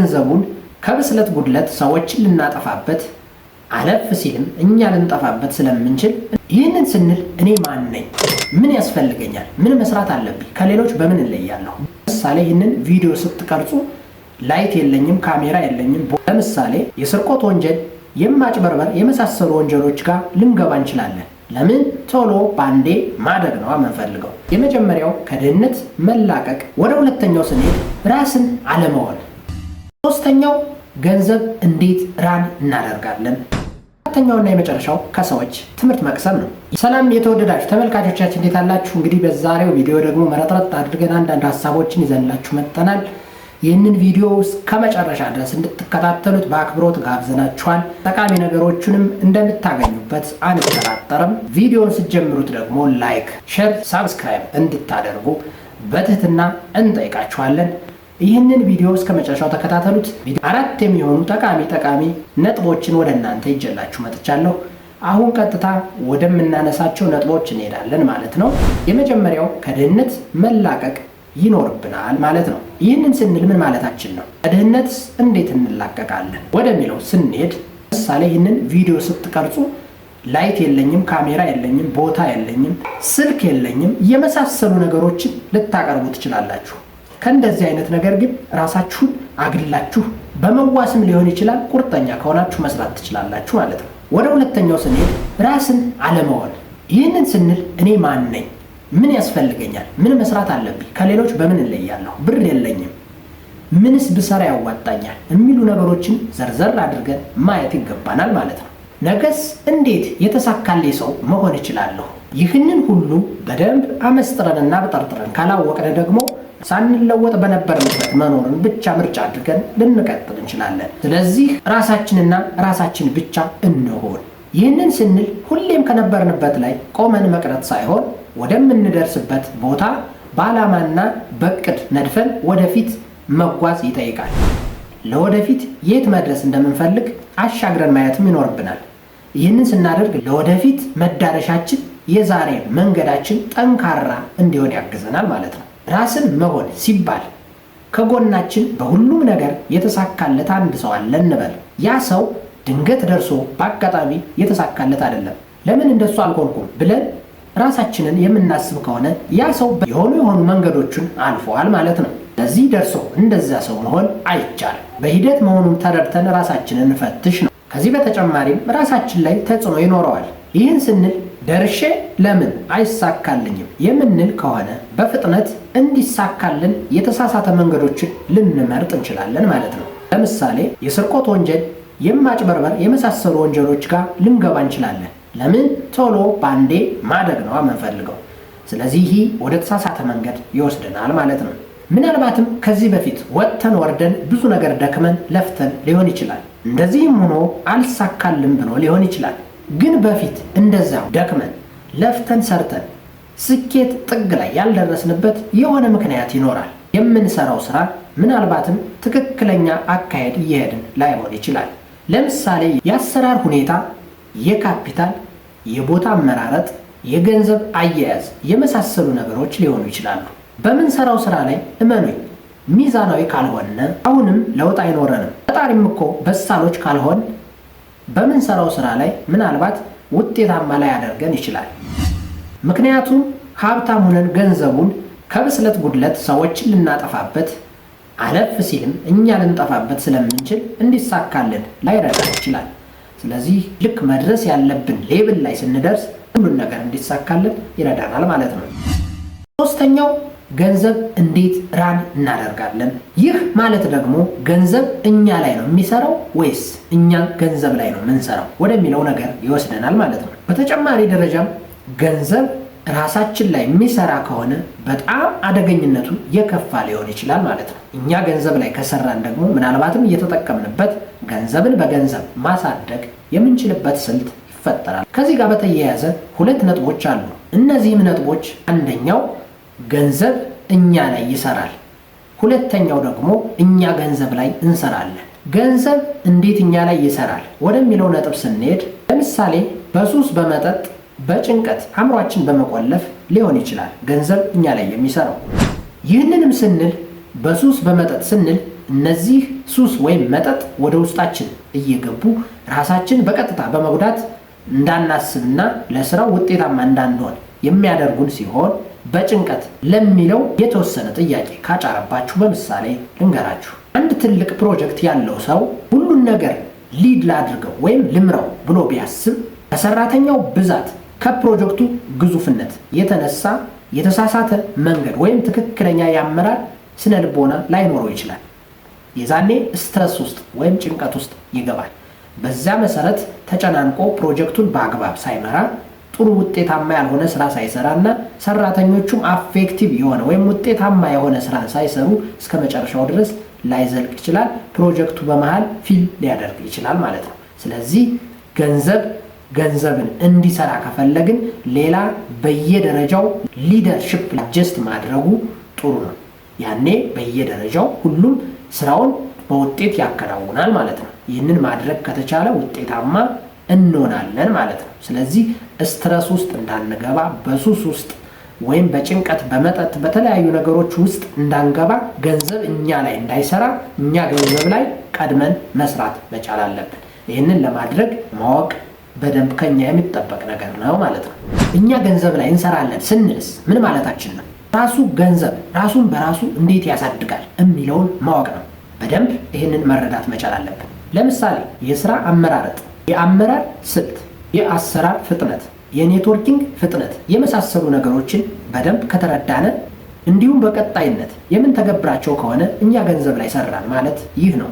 ገንዘቡን ከብስለት ጉድለት ሰዎችን ልናጠፋበት አለፍ ሲልም እኛ ልንጠፋበት ስለምንችል ይህንን ስንል እኔ ማን ነኝ? ምን ያስፈልገኛል? ምን መስራት አለብኝ? ከሌሎች በምን እለያለሁ? ለምሳሌ ይህንን ቪዲዮ ስትቀርጹ ላይት የለኝም፣ ካሜራ የለኝም። ለምሳሌ የስርቆት ወንጀል፣ የማጭበርበር የመሳሰሉ ወንጀሎች ጋር ልንገባ እንችላለን። ለምን ቶሎ ባንዴ ማደግ ነው የምንፈልገው። የመጀመሪያው ከድህነት መላቀቅ፣ ወደ ሁለተኛው ስንሄድ ራስን አለመሆን ሶስተኛው ገንዘብ እንዴት ራን እናደርጋለን። አራተኛውና የመጨረሻው ከሰዎች ትምህርት መቅሰም ነው። ሰላም የተወደዳችሁ ተመልካቾቻችን እንዴት አላችሁ? እንግዲህ በዛሬው ቪዲዮ ደግሞ መረጥረጥ አድርገን አንዳንድ ሀሳቦችን ይዘንላችሁ መጥተናል። ይህንን ቪዲዮ እስከ መጨረሻ ድረስ እንድትከታተሉት በአክብሮት ጋብዘናችኋል። ጠቃሚ ነገሮችንም እንደምታገኙበት አንጠራጠርም። ቪዲዮውን ስትጀምሩት ደግሞ ላይክ፣ ሼር፣ ሳብስክራይብ እንድታደርጉ በትህትና እንጠይቃችኋለን። ይህንን ቪዲዮ እስከ መጨረሻው ተከታተሉት። አራት የሚሆኑ ጠቃሚ ጠቃሚ ነጥቦችን ወደ እናንተ ይጀላችሁ መጥቻለሁ። አሁን ቀጥታ ወደምናነሳቸው ነጥቦች እንሄዳለን ማለት ነው። የመጀመሪያው ከድህነት መላቀቅ ይኖርብናል ማለት ነው። ይህንን ስንል ምን ማለታችን ነው? ከድህነት እንዴት እንላቀቃለን ወደሚለው ስንሄድ ለምሳሌ ይህንን ቪዲዮ ስትቀርጹ ላይት የለኝም፣ ካሜራ የለኝም፣ ቦታ የለኝም፣ ስልክ የለኝም የመሳሰሉ ነገሮችን ልታቀርቡ ትችላላችሁ። ከእንደዚህ አይነት ነገር ግን ራሳችሁን አግላችሁ በመዋስም ሊሆን ይችላል ቁርጠኛ ከሆናችሁ መስራት ትችላላችሁ ማለት ነው። ወደ ሁለተኛው ስንሄድ ራስን አለመዋል። ይህንን ስንል እኔ ማን ነኝ? ምን ያስፈልገኛል? ምን መስራት አለብኝ? ከሌሎች በምን እለያለሁ? ብር የለኝም፣ ምንስ ብሰራ ያዋጣኛል? የሚሉ ነገሮችን ዘርዘር አድርገን ማየት ይገባናል ማለት ነው። ነገስ እንዴት የተሳካሌ ሰው መሆን እችላለሁ? ይህንን ሁሉ በደንብ አመስጥረን እና በጠርጥረን ካላወቅን ደግሞ ሳንለወጥ በነበርንበት መኖርን ብቻ ምርጫ አድርገን ልንቀጥል እንችላለን። ስለዚህ ራሳችንና ራሳችን ብቻ እንሆን። ይህንን ስንል ሁሌም ከነበርንበት ላይ ቆመን መቅረት ሳይሆን ወደምንደርስበት ቦታ በዓላማና በእቅድ ነድፈን ወደፊት መጓዝ ይጠይቃል። ለወደፊት የት መድረስ እንደምንፈልግ አሻግረን ማየትም ይኖርብናል። ይህንን ስናደርግ ለወደፊት መዳረሻችን የዛሬ መንገዳችን ጠንካራ እንዲሆን ያግዘናል ማለት ነው። ራስን መሆን ሲባል ከጎናችን በሁሉም ነገር የተሳካለት አንድ ሰው አለ እንበል። ያ ሰው ድንገት ደርሶ በአጋጣሚ የተሳካለት አይደለም። ለምን እንደሱ አልሆንኩም ብለን ራሳችንን የምናስብ ከሆነ ያ ሰው የሆኑ የሆኑ መንገዶችን አልፈዋል ማለት ነው። ለዚህ ደርሶ እንደዛ ሰው መሆን አይቻልም። በሂደት መሆኑን ተረድተን ራሳችንን ፈትሽ ነው። ከዚህ በተጨማሪም ራሳችን ላይ ተጽዕኖ ይኖረዋል። ይህን ስንል ደርሼ ለምን አይሳካልኝም የምንል ከሆነ በፍጥነት እንዲሳካልን የተሳሳተ መንገዶችን ልንመርጥ እንችላለን ማለት ነው። ለምሳሌ የስርቆት ወንጀል፣ የማጭበርበር የመሳሰሉ ወንጀሎች ጋር ልንገባ እንችላለን። ለምን ቶሎ ባንዴ ማደግ ነው የምንፈልገው። ስለዚህ ይህ ወደ ተሳሳተ መንገድ ይወስደናል ማለት ነው። ምናልባትም ከዚህ በፊት ወጥተን ወርደን ብዙ ነገር ደክመን ለፍተን ሊሆን ይችላል። እንደዚህም ሆኖ አልሳካልም ብሎ ሊሆን ይችላል። ግን በፊት እንደዛ ደክመን ለፍተን ሰርተን ስኬት ጥግ ላይ ያልደረስንበት የሆነ ምክንያት ይኖራል። የምንሰራው ስራ ምናልባትም ትክክለኛ አካሄድ እየሄድን ላይሆን ይችላል። ለምሳሌ የአሰራር ሁኔታ፣ የካፒታል፣ የቦታ አመራረጥ፣ የገንዘብ አያያዝ የመሳሰሉ ነገሮች ሊሆኑ ይችላሉ። በምንሰራው ስራ ላይ እመኑኝ ሚዛናዊ ካልሆነ አሁንም ለውጥ አይኖረንም። ፈጣሪም እኮ በሳሎች ካልሆን በምንሰራው ስራ ላይ ምናልባት ውጤታማ ላይ ያደርገን ይችላል። ምክንያቱም ሀብታም ሆነን ገንዘቡን ከብስለት ጉድለት ሰዎችን ልናጠፋበት አለፍ ሲልም እኛ ልንጠፋበት ስለምንችል እንዲሳካልን ላይረዳን ይችላል። ስለዚህ ልክ መድረስ ያለብን ሌብል ላይ ስንደርስ ሁሉን ነገር እንዲሳካልን ይረዳናል ማለት ነው። ሶስተኛው ገንዘብ እንዴት ራን እናደርጋለን? ይህ ማለት ደግሞ ገንዘብ እኛ ላይ ነው የሚሰራው ወይስ እኛ ገንዘብ ላይ ነው የምንሰራው ወደሚለው ነገር ይወስደናል ማለት ነው። በተጨማሪ ደረጃም ገንዘብ ራሳችን ላይ የሚሰራ ከሆነ በጣም አደገኝነቱ የከፋ ሊሆን ይችላል ማለት ነው። እኛ ገንዘብ ላይ ከሰራን ደግሞ ምናልባትም እየተጠቀምንበት ገንዘብን በገንዘብ ማሳደግ የምንችልበት ስልት ይፈጠራል። ከዚህ ጋር በተያያዘ ሁለት ነጥቦች አሉ። እነዚህም ነጥቦች አንደኛው ገንዘብ እኛ ላይ ይሰራል። ሁለተኛው ደግሞ እኛ ገንዘብ ላይ እንሰራለን። ገንዘብ እንዴት እኛ ላይ ይሰራል ወደሚለው ነጥብ ስንሄድ ለምሳሌ በሱስ፣ በመጠጥ፣ በጭንቀት አእምሯችን በመቆለፍ ሊሆን ይችላል ገንዘብ እኛ ላይ የሚሰራው። ይህንንም ስንል በሱስ በመጠጥ ስንል እነዚህ ሱስ ወይም መጠጥ ወደ ውስጣችን እየገቡ ራሳችን በቀጥታ በመጉዳት እንዳናስብና ለስራው ውጤታማ እንዳንሆን የሚያደርጉን ሲሆን በጭንቀት ለሚለው የተወሰነ ጥያቄ ካጫረባችሁ በምሳሌ ልንገራችሁ። አንድ ትልቅ ፕሮጀክት ያለው ሰው ሁሉን ነገር ሊድ ላድርገው ወይም ልምረው ብሎ ቢያስብ ከሰራተኛው ብዛት ከፕሮጀክቱ ግዙፍነት የተነሳ የተሳሳተ መንገድ ወይም ትክክለኛ የአመራር ስነ ልቦና ላይኖረው ይችላል። የዛኔ ስትረስ ውስጥ ወይም ጭንቀት ውስጥ ይገባል። በዚያ መሰረት ተጨናንቆ ፕሮጀክቱን በአግባብ ሳይመራ ጥሩ ውጤታማ ያልሆነ ስራ ሳይሰራ እና ሰራተኞቹም አፌክቲቭ የሆነ ወይም ውጤታማ የሆነ ስራ ሳይሰሩ እስከ መጨረሻው ድረስ ላይዘልቅ ይችላል። ፕሮጀክቱ በመሃል ፊል ሊያደርግ ይችላል ማለት ነው። ስለዚህ ገንዘብ ገንዘብን እንዲሰራ ከፈለግን ሌላ በየደረጃው ሊደርሽፕ አጀስት ማድረጉ ጥሩ ነው። ያኔ በየደረጃው ሁሉም ስራውን በውጤት ያከናውናል ማለት ነው። ይህንን ማድረግ ከተቻለ ውጤታማ እንሆናለን ማለት ነው። ስለዚህ ስትረስ ውስጥ እንዳንገባ፣ በሱስ ውስጥ ወይም በጭንቀት በመጠጥ በተለያዩ ነገሮች ውስጥ እንዳንገባ፣ ገንዘብ እኛ ላይ እንዳይሰራ እኛ ገንዘብ ላይ ቀድመን መስራት መቻል አለብን። ይህንን ለማድረግ ማወቅ በደንብ ከኛ የሚጠበቅ ነገር ነው ማለት ነው። እኛ ገንዘብ ላይ እንሰራለን ስንልስ ምን ማለታችን ነው? ራሱ ገንዘብ ራሱን በራሱ እንዴት ያሳድጋል የሚለውን ማወቅ ነው። በደንብ ይህንን መረዳት መቻል አለብን። ለምሳሌ የስራ አመራረጥ የአመራር ስልት፣ የአሰራር ፍጥነት፣ የኔትወርኪንግ ፍጥነት የመሳሰሉ ነገሮችን በደንብ ከተረዳነ እንዲሁም በቀጣይነት የምንተገብራቸው ከሆነ እኛ ገንዘብ ላይ ሰራን ማለት ይህ ነው።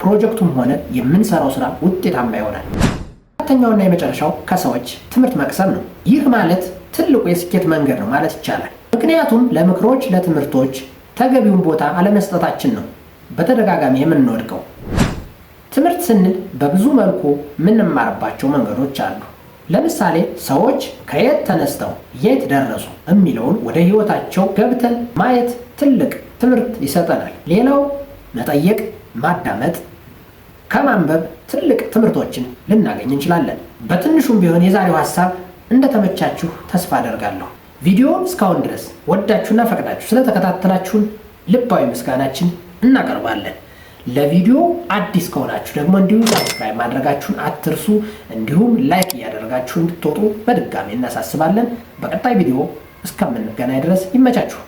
ፕሮጀክቱም ሆነ የምንሰራው ስራ ውጤታማ ይሆናል። ተኛውና የመጨረሻው ከሰዎች ትምህርት መቅሰም ነው። ይህ ማለት ትልቁ የስኬት መንገድ ነው ማለት ይቻላል። ምክንያቱም ለምክሮች፣ ለትምህርቶች ተገቢውን ቦታ አለመስጠታችን ነው በተደጋጋሚ የምንወድቀው። ትምህርት ስንል በብዙ መልኩ የምንማርባቸው መንገዶች አሉ። ለምሳሌ ሰዎች ከየት ተነስተው የት ደረሱ የሚለውን ወደ ህይወታቸው ገብተን ማየት ትልቅ ትምህርት ይሰጠናል። ሌላው መጠየቅ፣ ማዳመጥ፣ ከማንበብ ትልቅ ትምህርቶችን ልናገኝ እንችላለን። በትንሹም ቢሆን የዛሬው ሀሳብ እንደተመቻችሁ ተስፋ አደርጋለሁ። ቪዲዮውን እስካሁን ድረስ ወዳችሁና ፈቅዳችሁ ስለተከታተላችሁን ልባዊ ምስጋናችን እናቀርባለን። ለቪዲዮ አዲስ ከሆናችሁ ደግሞ እንዲሁ ሰብስክራይብ ማድረጋችሁን አትርሱ። እንዲሁም ላይክ እያደረጋችሁ እንድትወጡ በድጋሚ እናሳስባለን። በቀጣይ ቪዲዮ እስከምንገናኝ ድረስ ይመቻችሁ።